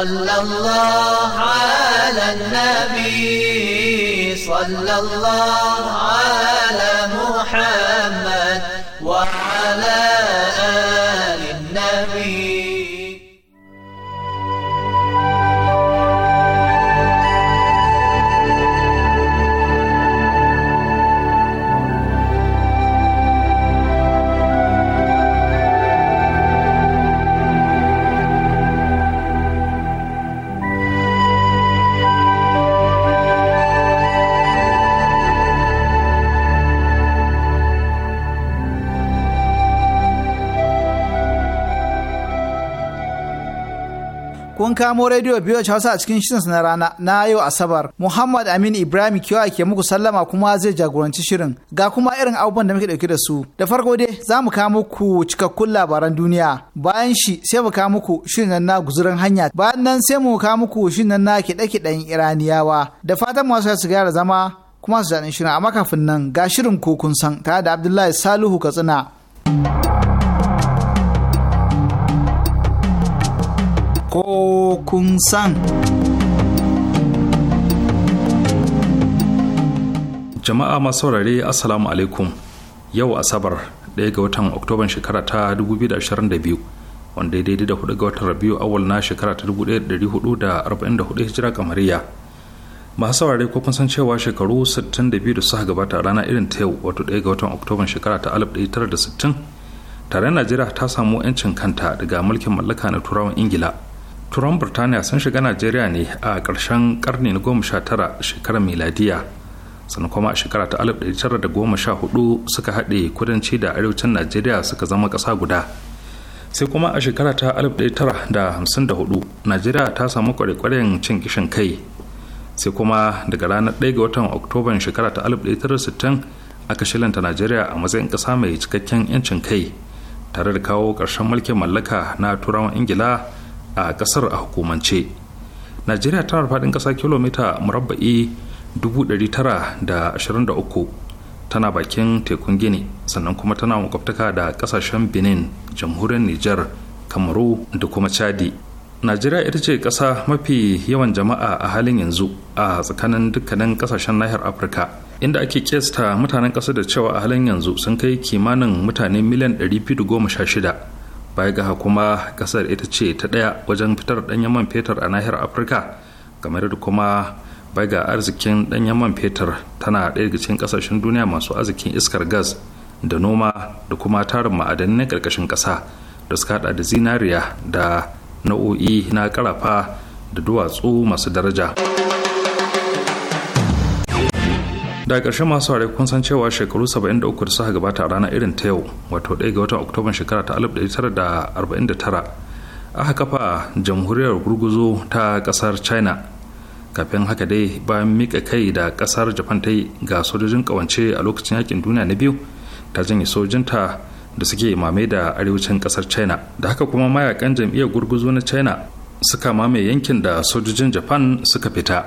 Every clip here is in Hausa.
صلى الله على النبي صلى الله على محمد وعلى kamo rediyo biyu Hausa a cikin shirinsa na rana na yau Asabar. Muhammad Amin Ibrahim kiwa ke muku sallama kuma zai jagoranci shirin. Ga kuma irin abubuwan da muke dauke da su. Da farko dai za mu kawo muku cikakkun labaran duniya. Bayan shi sai mu kawo muku shirin na guzurin hanya. Bayan nan sai mu kawo muku shirin na kiɗe-kiɗen Iraniyawa. Da fatan masu su gyara zama kuma su daɗin shirin amma kafin nan ga shirin ko kun san tare da Abdullahi Salihu Katsina. ko kun san. Jama'a masaurare Assalamu alaikum yau Asabar ɗaya ga watan Oktoban shekara ta 2022 wanda ya daidai da hudu ga watan Rabiu awal na shekara ta 1444 hijira kamariya. Masu saurari ko kun san cewa shekaru 62 da suka gabata rana irin ta yau wato ɗaya ga watan Oktoban shekara ta 1960 tare Najeriya ta samu 'yancin kanta daga mulkin mallaka na Turawan Ingila. turan birtaniya sun shiga najeriya ne a ƙarshen karni na goma sha tara shekarar miladiya sannan kuma a shekara ta alif ɗari tara da goma sha hudu suka haɗe kudanci da arewacin najeriya suka zama ƙasa guda sai kuma a shekara ta alif ɗari tara da hamsin da hudu najeriya ta samu kwarekwaren cin kishin kai sai kuma daga ranar ɗaya ga watan oktoban shekara ta alif ɗari tara sittin aka shilanta najeriya a matsayin ƙasa mai cikakken 'yancin kai tare da kawo ƙarshen mulkin mallaka na turawan ingila a kasar a hukumance najeriya tana faɗin ƙasa kilomita murabba'i 923 tana bakin tekun gini sannan kuma tana makwabtaka da ƙasashen benin jamhuriyar niger kamaru da kuma chadi najeriya ita ce ƙasa mafi yawan jama'a a halin yanzu a tsakanin dukkanin ƙasashen nahiyar afirka inda ake kesta mutanen ƙasa da cewa a halin yanzu sun kai kimanin mutane miliyan 216 baya ga kuma kasar ita ce ta ɗaya wajen fitar ɗanyen man fetur a nahiyar afirka kamar da kuma baya ga arzikin ɗanyen man fetur tana ɗaya daga cikin ƙasashen duniya masu arzikin iskar gas da noma da kuma tarin ma'adanin na ƙarƙashin ƙasa da suka haɗa da zinariya da nau'o'i na karafa da duwatsu masu daraja. da ƙarshe masu ware kun san cewa shekaru 73 da suka gabata a rana irin ta yau wato 1 ga watan oktoban shekara ta 1949 aka kafa jamhuriyar gurguzo ta ƙasar china kafin haka dai bayan mika kai da ƙasar japan ta yi ga sojojin ƙawance a lokacin yakin duniya na biyu ta janye sojinta da suke mame da arewacin ƙasar china da haka kuma mayakan jam'iyyar gurguzo na china suka mame yankin da sojojin japan suka fita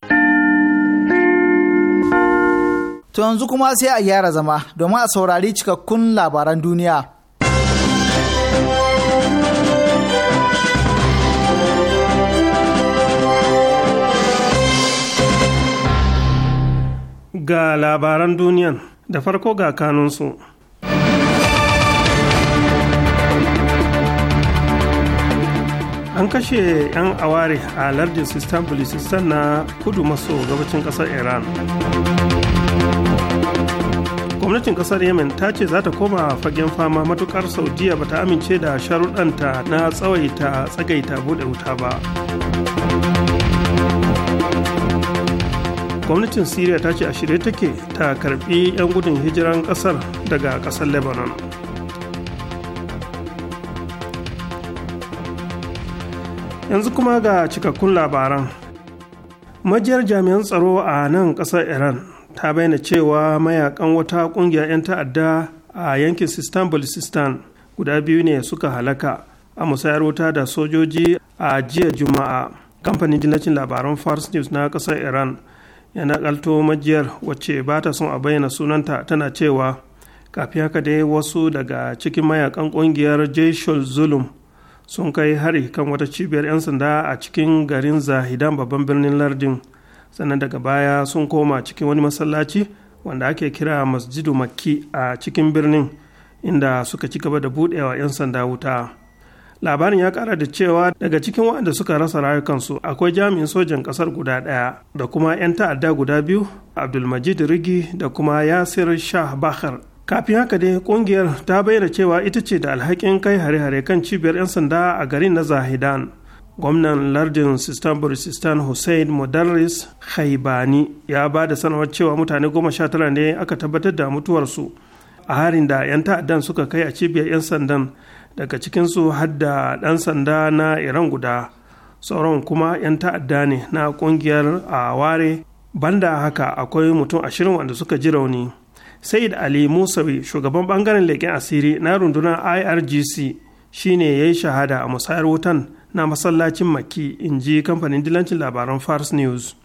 To yanzu kuma sai a gyara zama domin a saurari cikakkun labaran duniya. Ga labaran duniyan da farko ga kanunsu. An kashe 'yan aware a lardin Istanbul Sistan na kudu maso gabacin ƙasar Iran. gwamnatin kasar yemen ta ce za ta koma fagen fama matukar saudiya ba ta amince da sharuɗanta na tsawaita tsagaita buɗe wuta ba gwamnatin syria ta ce a shirye take ta karbi 'yan gudun hijiran kasar daga kasar lebanon yanzu kuma ga cikakkun labaran majiyar jami'an tsaro a nan kasar iran ta bayyana cewa mayakan wata ƙungiyar 'yan ta'adda a yankin sistan baltistan guda biyu ne suka halaka a musayar wuta da sojoji a jiya juma'a kamfanin jinacin labaran fars news na kasar iran yana ƙalto majiyar wacce ba ta son a bayyana sunanta tana cewa kafin haka dai wasu daga cikin mayakan kungiyar jeshul zulum sun kai hari kan wata cibiyar 'yan sanda a cikin garin zahidan babban birnin lardin sannan daga baya sun koma cikin wani masallaci wanda ake kira masjidu makki a cikin birnin inda suka ci gaba da buɗewa 'yan sanda wuta labarin ya kara da cewa daga cikin waɗanda suka rasa rayukansu akwai jami'in sojan ƙasar guda ɗaya da kuma 'yan ta'adda guda biyu abdulmajid rigi da kuma yasir shah bahar kafin haka dai ƙungiyar ta bayyana cewa ita ce da alhakin kai hare-hare kan cibiyar 'yan sanda a garin na zahidan gwamnan lardin sistan burisistan hussein mudarris haibani ya ba da sanarwar cewa mutane goma sha tara ne aka tabbatar da mutuwarsu a harin da 'yan ta'addan suka kai a cibiyar 'yan sandan daga cikinsu har da ɗan sanda na iran guda sauran kuma 'yan ta'adda ne na kungiyar a ware banda haka akwai mutum ashirin wanda suka ji rauni said ali musawi shugaban bangaren leƙen asiri na rundunar irgc shine ya yi shahada a musayar wutan na masallacin maki in ji kamfanin dilancin labaran fars news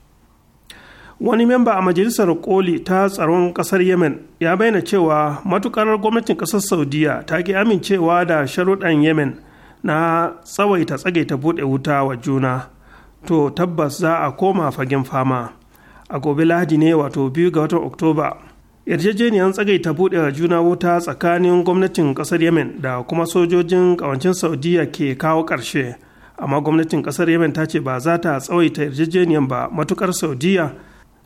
wani memba a majalisar koli ta tsaron kasar yemen ya bayyana cewa matukar gwamnatin kasar saudiya ta ki amincewa da sharuɗan yemen na tsawaita tsagaita buɗe wuta wa juna to tabbas za a koma fagen fama a gobe lahadi ne wato biyu ga watan oktoba yarjejeniyar tsagaita buɗe juna wuta tsakanin gwamnatin kasar yemen da kuma sojojin kawancin saudiya ke kawo ƙarshe amma gwamnatin kasar yemen ta ce ba za ta tsawaita yarjejeniyar ba matukar saudiya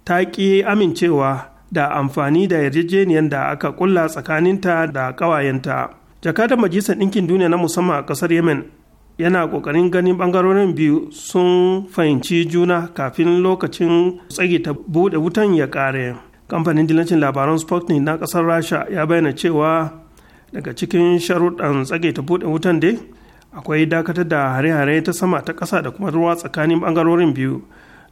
ta ki amincewa da amfani da yarjejeniyar da aka kulla tsakaninta da ƙawayenta jakadar majalisar ɗinkin duniya na musamman a kasar yemen yana ƙoƙarin ganin ɓangarorin biyu sun fahimci juna kafin lokacin tsagi ta buɗe wutan ya ƙare kamfanin dilancin labaran sputnik na ƙasar rasha ya bayyana cewa daga cikin sharuɗan tsage ta buɗe wutan dai akwai dakatar da hare-hare ta sama ta ƙasa da kuma ruwa tsakanin ɓangarorin biyu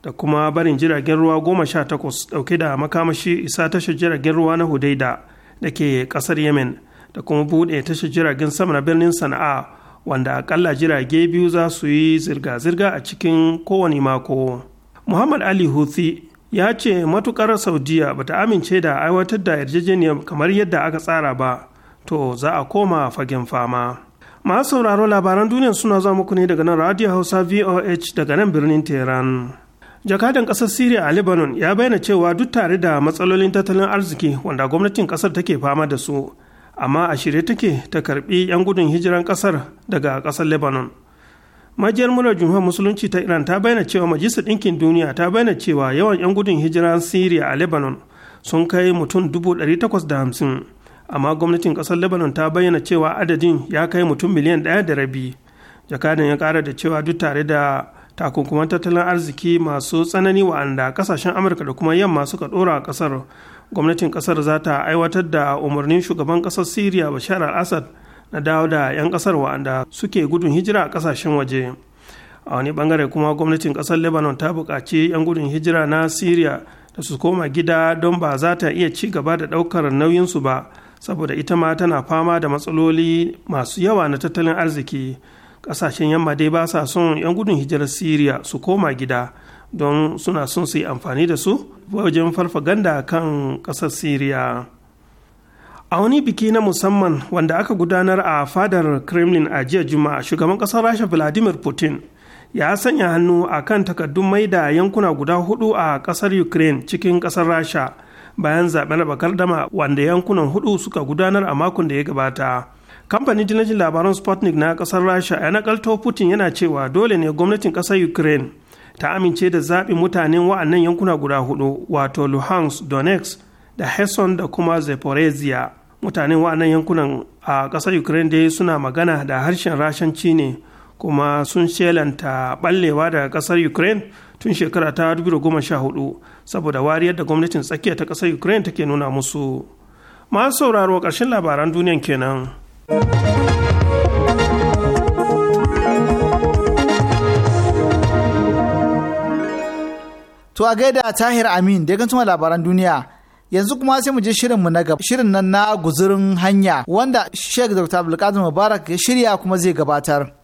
da kuma barin jiragen ruwa goma sha takwas ɗauke da makamashi isa tashar jiragen ruwa na hudaida da ke ƙasar yemen da kuma buɗe tashar jiragen sama na birnin sana'a wanda akalla jirage biyu za su yi zirga-zirga a cikin kowane mako muhammad ali huthi ya ce matukar saudiya ta amince da aiwatar da yarjejeniyar kamar yadda aka tsara ba to za a koma fagen fama masu sauraro labaran duniya suna zuwa muku ne daga nan radio hausa voh daga nan birnin tehran jakadan kasar syria a lebanon ya bayyana cewa duk tare da matsalolin tattalin arziki wanda gwamnatin kasar take fama da su amma a shirye take ta karbi 'yan gudun hijiran kasar daga kasar lebanon majiyar murar jumhuriyar musulunci ta iran ta bayyana cewa majalisar ɗinkin duniya ta bayyana cewa yawan 'yan gudun hijiran syria a lebanon sun kai mutum 850 amma gwamnatin kasar lebanon ta bayyana cewa adadin ya kai mutum miliyan ɗaya da rabi jakadan ya kara da cewa duk tare da takunkuman tattalin arziki masu tsanani wa'anda kasashen amurka da kuma yamma suka dora a kasar gwamnatin kasar za ta aiwatar da umarnin shugaban kasar syria bashar al-assad na dawo da 'yan kasar wa'anda suke gudun hijira a kasashen waje a wani bangare kuma gwamnatin kasar lebanon ta buƙaci 'yan gudun hijira na syria da su koma gida don ba za ta iya ci gaba da ɗaukar nauyinsu ba saboda ita ma tana fama da matsaloli masu yawa na tattalin arziki ƙasashen yamma dai ba sa son 'yan gudun hijirar siriya su koma gida don suna son su yi amfani da su wajen farfaganda kan ƙasar siriya a wani biki na musamman wanda aka gudanar a fadar kremlin a jiya juma'a shugaban ƙasar rasha vladimir putin ya sanya hannu a kan takaddun maida yankuna guda hudu a ƙasar ukraine cikin ƙasar rasha bayan zaben bakar dama wanda yankunan hudu suka gudanar a makon da ya gabata kamfanin jinajin labaran sputnik na kasar rasha ya nakalto putin yana cewa dole ne gwamnatin kasar ukraine ta amince da zaɓin mutanen wa'annan yankuna guda hudu wato luhansk donetsk da Heson da kuma Zaporezhia. Mutanen wa'annan yankunan a ƙasar Ukraine dai suna magana da harshen Rashanci ne kuma sun shelanta ballewa daga kasar ukraine tun shekara ta 2014 saboda wariyar da gwamnatin tsakiya ta kasar ukraine take nuna musu masu sauraro ƙarshen labaran duniyan kenan. To a gaida Tahir Amin da gantuma labaran duniya. Yanzu kuma sai mu je shirinmu na gaba. Shirin nan na guzurin hanya wanda Sheikh Dr. Abdulkadir Mubarak ya shirya kuma zai gabatar.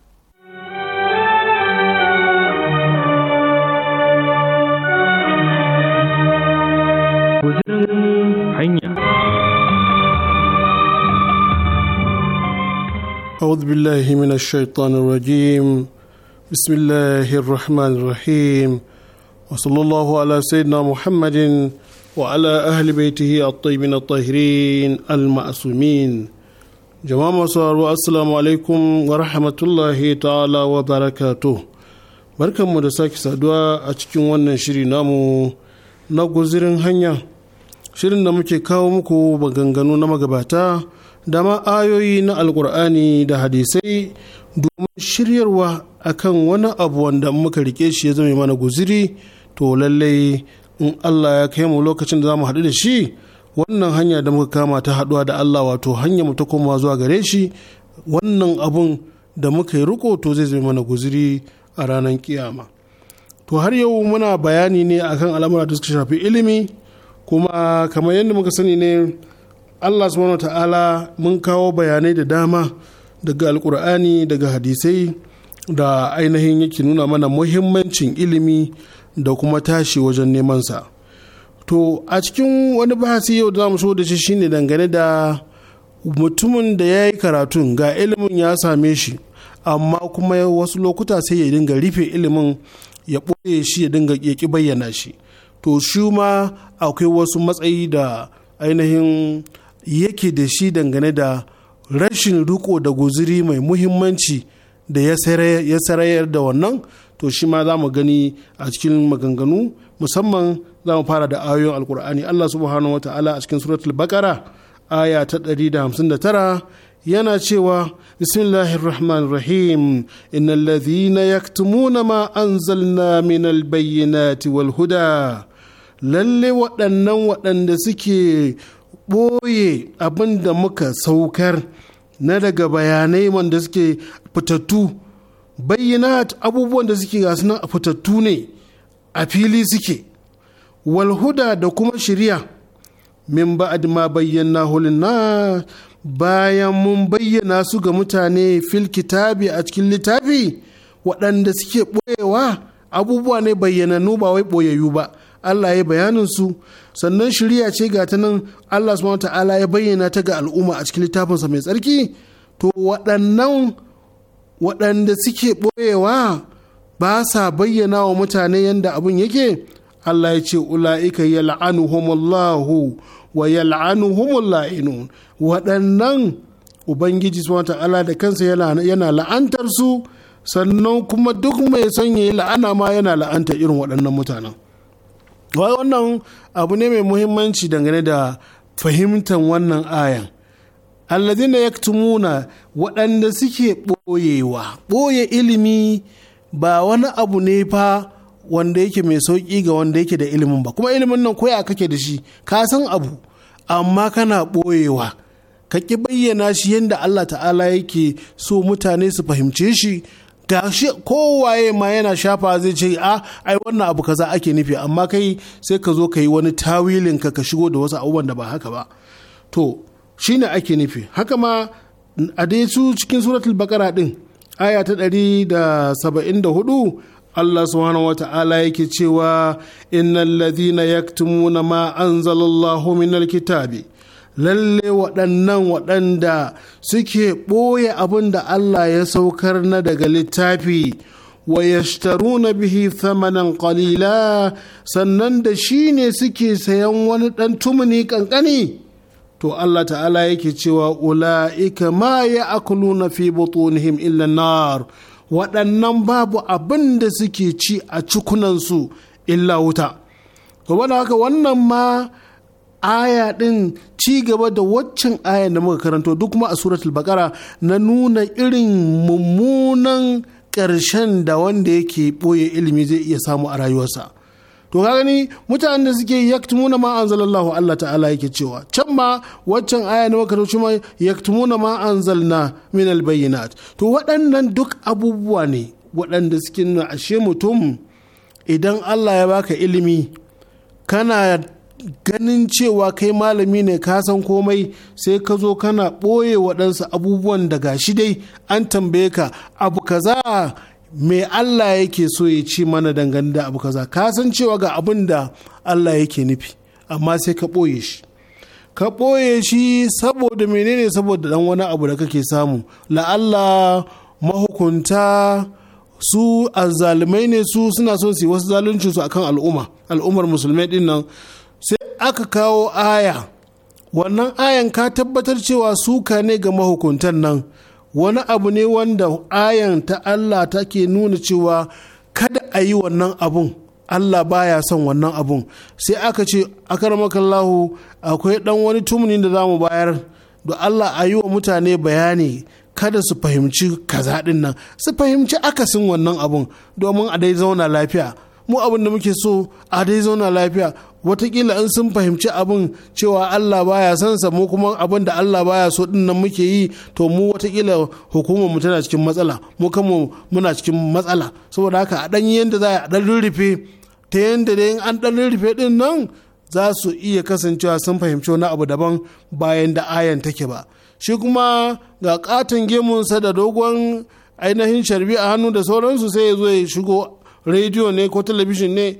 أعوذ بالله من الشيطان الرجيم بسم الله الرحمن الرحيم وصلى الله على سيدنا محمد وعلى أهل بيته الطيبين الطاهرين المعصومين جماعة مصار السلام عليكم ورحمة الله تعالى وبركاته بركة مدساك سادوا أتكين ونن شري نامو na guzirin hanya shirin da muke kawo muku maganganu na magabata da ma ayoyi na alkur'ani da hadisai domin shiryarwa akan wani abu wanda muka rike shi ya zama mana guziri to lallai in Allah ya kai mu lokacin da za mu haɗu da shi wannan hanya da muka kama ta haɗuwa da Allah wato hanya mu ta koma zuwa gare shi wannan abun da muka yi riko to zai zama mana guziri a ranar kiyama to har yau muna bayani ne akan al'amura da suka shafi ilimi kuma kamar yadda muka sani ne Allah subhanahu ta'ala mun kawo bayanai da dama daga alkur'ani daga hadisai da ainihin yake nuna mana muhimmancin ilimi da kuma tashi wajen neman sa, to a cikin wani bahasi yau da zamu so da shi shine dangane da mutumin da ya yi karatun ga ilimin ya same shi amma kuma wasu lokuta sai ya dinga rufe ilimin ya ɓoye shi ya dinga ya bayyana shi to shi ma akwai wasu matsayi da ainihin yake da shi dangane da rashin riko da guziri mai muhimmanci da ya sarayar da wannan to shi ma za mu gani a cikin maganganu musamman za mu fara da ayoyin alkur'ani allah subhanahu wa ta'ala a cikin suratul bakara aya ta 159 yana cewa bismillahir rahmanir rahim innal ladhina yaktumuna ma anzalna al bayyinati wal huda lalle waɗannan waɗanda suke ɓoye abin da muka saukar na daga bayanai wanda suke fitattu bayyana abubuwan da suke gasu nan a fitattu ne a fili suke walhuda da kuma shirya min ba'ad ma bayyana na bayan mun bayyana su ga mutane fil kitabi a cikin littafi waɗanda suke ɓoyewa abubuwa ne bayyananu ba wai ɓoyayyu ba Allah ya bayanin su sannan shirya ce ga ta nan Allah subhanahu ta'ala ya bayyana ta ga al'umma a cikin littafinsa mai tsarki to waɗannan waɗanda suke ɓoyewa ba sa bayyana wa mutane yadda abin yake Allah ya ce ula'ika yal'anuhumullahu wa yal'anuhumul la'inun waɗannan ubangiji subhanahu ta'ala da kansa yana la'antar su sannan kuma duk mai son yayi la'ana ma yana la'anta irin waɗannan mutanen wannan abu ne mai muhimmanci dangane da fahimtar wannan ayan alladina yaktumuna waɗanda suke ɓoyewa ɓoye ilimi ba wani abu ne fa wanda yake mai sauƙi ga wanda yake da ilimin ba kuma ilimin nan koya kake da shi ka san abu amma kana ɓoyewa ka ƙi bayyana shi yadda Allah ta'ala yake so mutane su fahimce shi gashi kowaye ma yana shafa zai ce a ah, ai wannan abu kaza ake nufi amma kai sai ka zo ka yi wani tawilin ka ka shigo da wasu abubuwan da ba haka ba to shine ake nufi haka ma a dai su cikin suratul bakara din aya ta 174 Allah subhanahu wata'ala yake cewa innal ladhina yaktumuna ma anzalallahu minal kitabi lalle waɗannan waɗanda suke ɓoye abin da Allah ya saukar na daga littafi wa na bihi samanin qalila sannan da shi ne suke sayan wani ɗan tumuni ƙanƙani to Allah ta'ala yake cewa ula'ika ma ya akuluna fi butunihim illa nar waɗannan babu abin da suke ci a cikunansu illa wuta da haka wannan ma aya ɗin ci gaba da waccan aya na muka karanto duk kuma a suratul bakara na nuna irin mummunan ƙarshen da wanda yake boye ilimi zai iya samu a rayuwarsa to ka gani mutanen da suke yaktumuna ma anzalallahu Allah ta'ala yake cewa can ma waccan aya na muka rubuta ma yaktumuna ma anzalna min albayyinat to waɗannan duk abubuwa ne waɗanda suke nuna ashe mutum idan Allah ya baka ilimi kana ganin cewa kai malami ne ka san komai sai ka zo kana ɓoye waɗansu abubuwan daga shi dai an tambaye ka abu kaza me Allah yake so ya ci mana dangane da abu kaza ka san cewa ga abin da Allah yake nufi amma sai ka ɓoye shi ka ɓoye shi saboda menene saboda dan wani abu da kake samu la'alla mahukunta su azzalumai ne su suna son su yi wasu zalunci su akan al'umma al'ummar musulmai din nan sai aka kawo aya wannan ayan ka tabbatar cewa suka ne ga mahukuntan nan wani abu ne wanda ayan ta Allah take nuna cewa kada a yi wannan abun Allah baya son wannan abun sai aka ce a lahu akwai dan wani tumuni da za mu bayar da Allah a yi wa mutane bayani kada su fahimci kaza nan su fahimci akasin wannan abun domin a dai zauna lafiya mu abin da muke so a dai zauna lafiya watakila in sun fahimci abin cewa Allah baya son sa mu kuma abin da Allah baya so din nan muke yi to mu watakila hukumar mu tana cikin matsala mu kanmu muna cikin matsala saboda haka a dan yanda za a dan rurrufe ta yanda dai in an dan rurrufe din nan za su iya kasancewa sun fahimci wani abu daban bayan da ayan take ba shi kuma ga katon gemunsa da dogon ainihin sharbi a hannu da sauransu sai ya zo ya shigo rediyo ne ko talabijin ne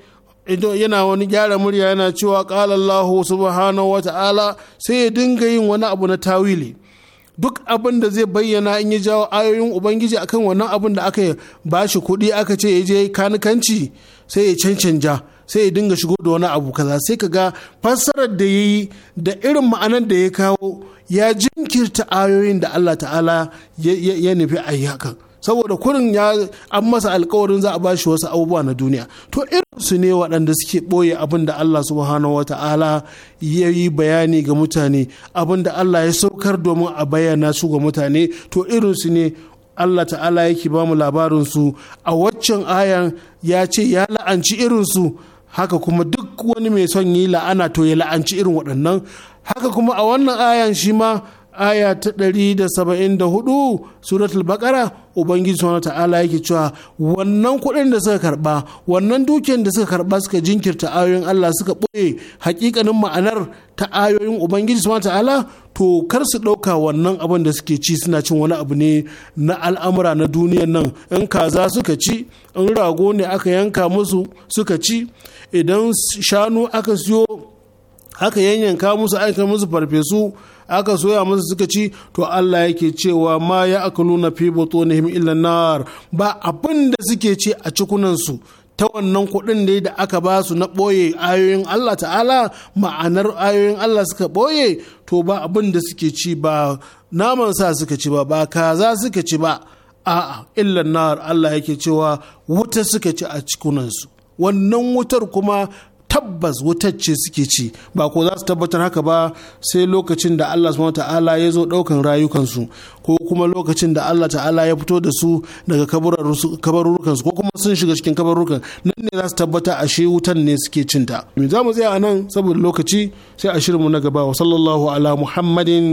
idan yana wani gyara murya yana cewa ƙalallahu subhanahu wa ta'ala sai ya dinga yin wani abu na tawili duk abin da zai bayyana in ya jawo ayoyin ubangiji akan wannan abin da aka ba shi kuɗi aka ce ya je kanikanci sai ya cancanja sai ya dinga shigo da wani abu kaza sai ka ga fassarar da ya yi da irin ma'anar da ya kawo ya jinkirta ayoyin da Allah ta'ala ya nufi a yi hakan saboda kurin ya an masa alkawarin za a ba shi wasu abubuwa na duniya to irin su ne waɗanda suke ɓoye abin da Allah subhanahu Ta'ala ya yi bayani ga mutane abin da Allah ya saukar domin a bayyana su ga mutane to irin su ne Allah ta'ala yake ba mu labarin su a waccan ayan ya ce ya la'anci irin su haka kuma duk wani mai son yi la'ana to ya la'anci irin waɗannan haka kuma a wannan ayan shi ma aya ta ɗari da da saba'in hudu suratul bakara ubangiji subhanahu ta'ala yake cewa wannan kuɗin da suka karba wannan dukiyar da suka karba suka jinkirta ayoyin Allah suka ɓoye hakikanin ma'anar ta ayoyin ubangiji subhanahu ta'ala to kar su ɗauka wannan abin da suke ci suna cin wani abu ne na al'amura na duniyan nan in kaza suka ci in rago ne aka yanka musu suka ci idan shanu aka siyo aka yanyanka musu aika musu farfesu aka soya musu suka ci to Allah yake cewa ma ya aka akuluna fi butunihim illa nar ba abin da suke ci a cikunan ta wannan kuɗin da da aka ba su na ɓoye ayoyin Allah ta'ala ma'anar ayoyin Allah suka ɓoye to ba abin da suke ci ba naman sa suka ci ba ba kaza suka ci ba a'a illa nar Allah yake cewa wuta suka ci a cikunansu wannan wutar kuma tabbas wutar ce suke ci ba ko za su tabbatar haka ba sai lokacin da Allah subhanahu ta'ala ya zo daukan rayukansu ko kuma lokacin da Allah ta'ala ya fito da su daga kabarurukansu ko kuma sun shiga cikin kabarurukan nan ne za su tabbata shi wutan ne suke cinta me za mu tsaya a nan saboda lokaci sai a shirin mu na gaba wa sallallahu ala muhammadin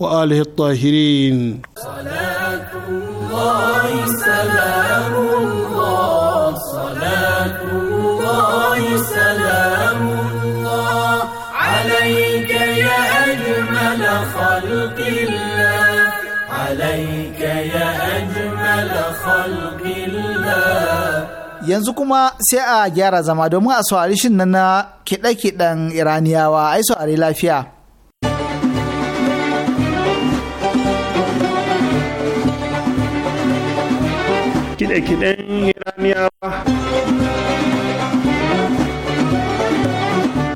wa alihi tahirin salatu أجمل خلق الله عليك يا أجمل خلق الله yanzu kuma sai a gyara zama domin a saurari shin nan na kiɗe-kiɗen iraniyawa ai saurari lafiya kiɗe-kiɗen iraniyawa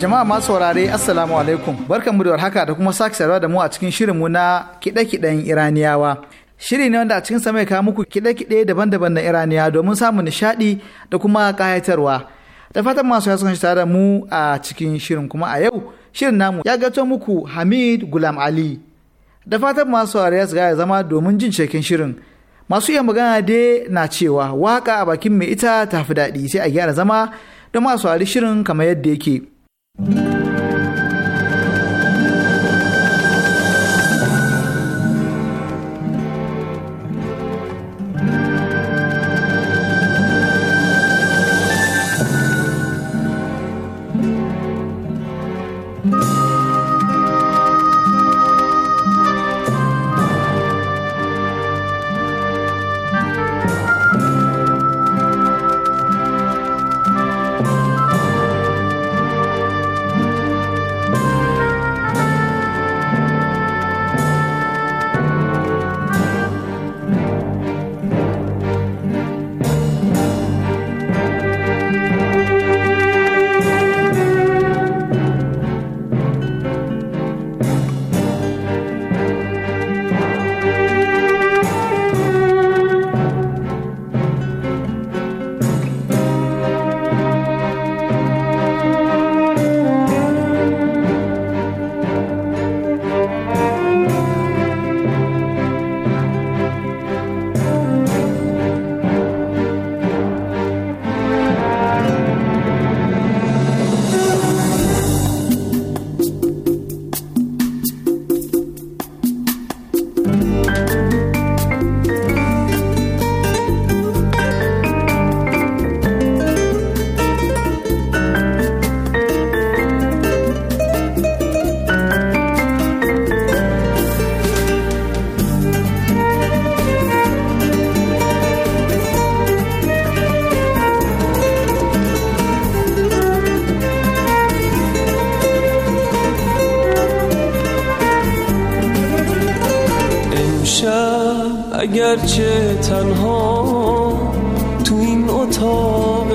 Jama'a masu saurare Assalamu alaikum. Barkanmu da warhaka da kuma sake saduwa da mu a cikin mu na kiɗe-kiɗen Iraniyawa. Shiri ne wanda a cikin mai kawo muku kiɗe-kiɗe daban-daban na Iraniya domin samun nishaɗi da kuma ƙayatarwa. Da fatan masu ya shi tare da mu a cikin shirin kuma a yau shirin namu ya gato muku Hamid Gulam Ali. Da fatan masu ya ya zama domin jin cikin shirin. Masu iya magana dai na cewa waka a bakin mai ita tafi daɗi sai a gyara zama don masu shirin kamar yadda yake. Mm-hmm.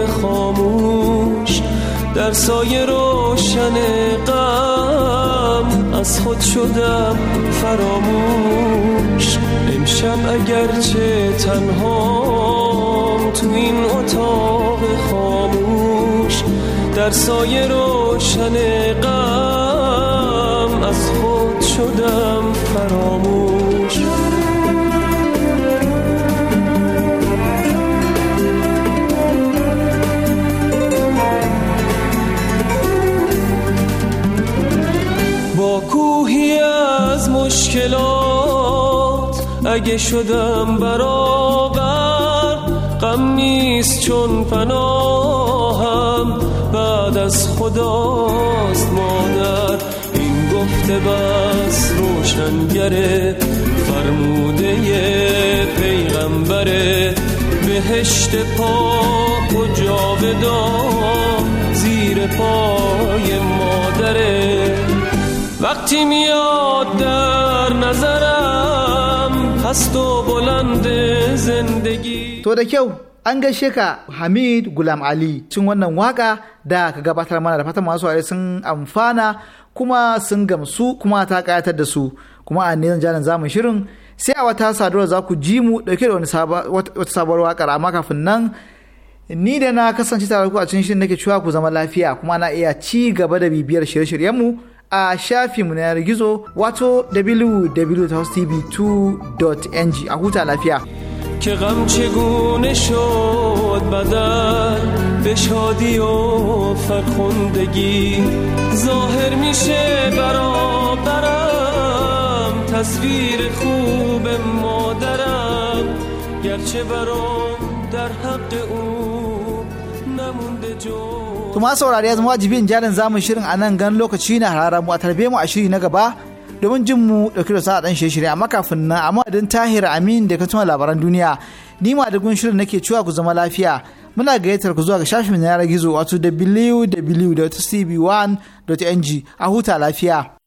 خاموش در سایه روشن غم از خود شدم فراموش امشب اگرچه تنها تو این اتاق خاموش در سایه روشن غم از خود شدم فراموش اگه شدم برابر غم نیست چون پناهم بعد از خداست مادر این گفته بس روشنگره فرموده پیغمبره بهشت پاک و جاودان زیر پای مادره وقتی میاد در نظر هست و بلند زندگی da kyau an gaishe ka Hamid Gulam Ali cin wannan waka da ka gabatar mana da fatan masu ware sun amfana kuma sun gamsu kuma ta kayatar da su kuma a nizan janin zamu shirin sai a wata sadura za ku ji mu dauke da wata sabuwar wakar amma kafin nan ni da na kasance tare ku a cikin shirin nake cewa ku zama lafiya kuma na iya ci gaba da bibiyar shirye shiryen mu. a shafinmu na yanar gizo wato www.tv2.ng a huta lafiya. که غم چگونه شد بدل به شادی و فرخندگی ظاهر میشه برابرم تصویر خوب مادرم گرچه برام در حق اون Tuma saurari ya zama wajibin jarin zamun shirin a nan ganin lokaci na harara mu a tarbe mu a shiri na gaba domin jin mu dauki da sa'a dan shirye amma kafin nan amma idan tahir amin da katuma labaran duniya ni ma da gun shirin nake cewa ku zama lafiya muna gayyatar ku zuwa ga shafin yanar gizo wato www.tv1.ng a huta lafiya.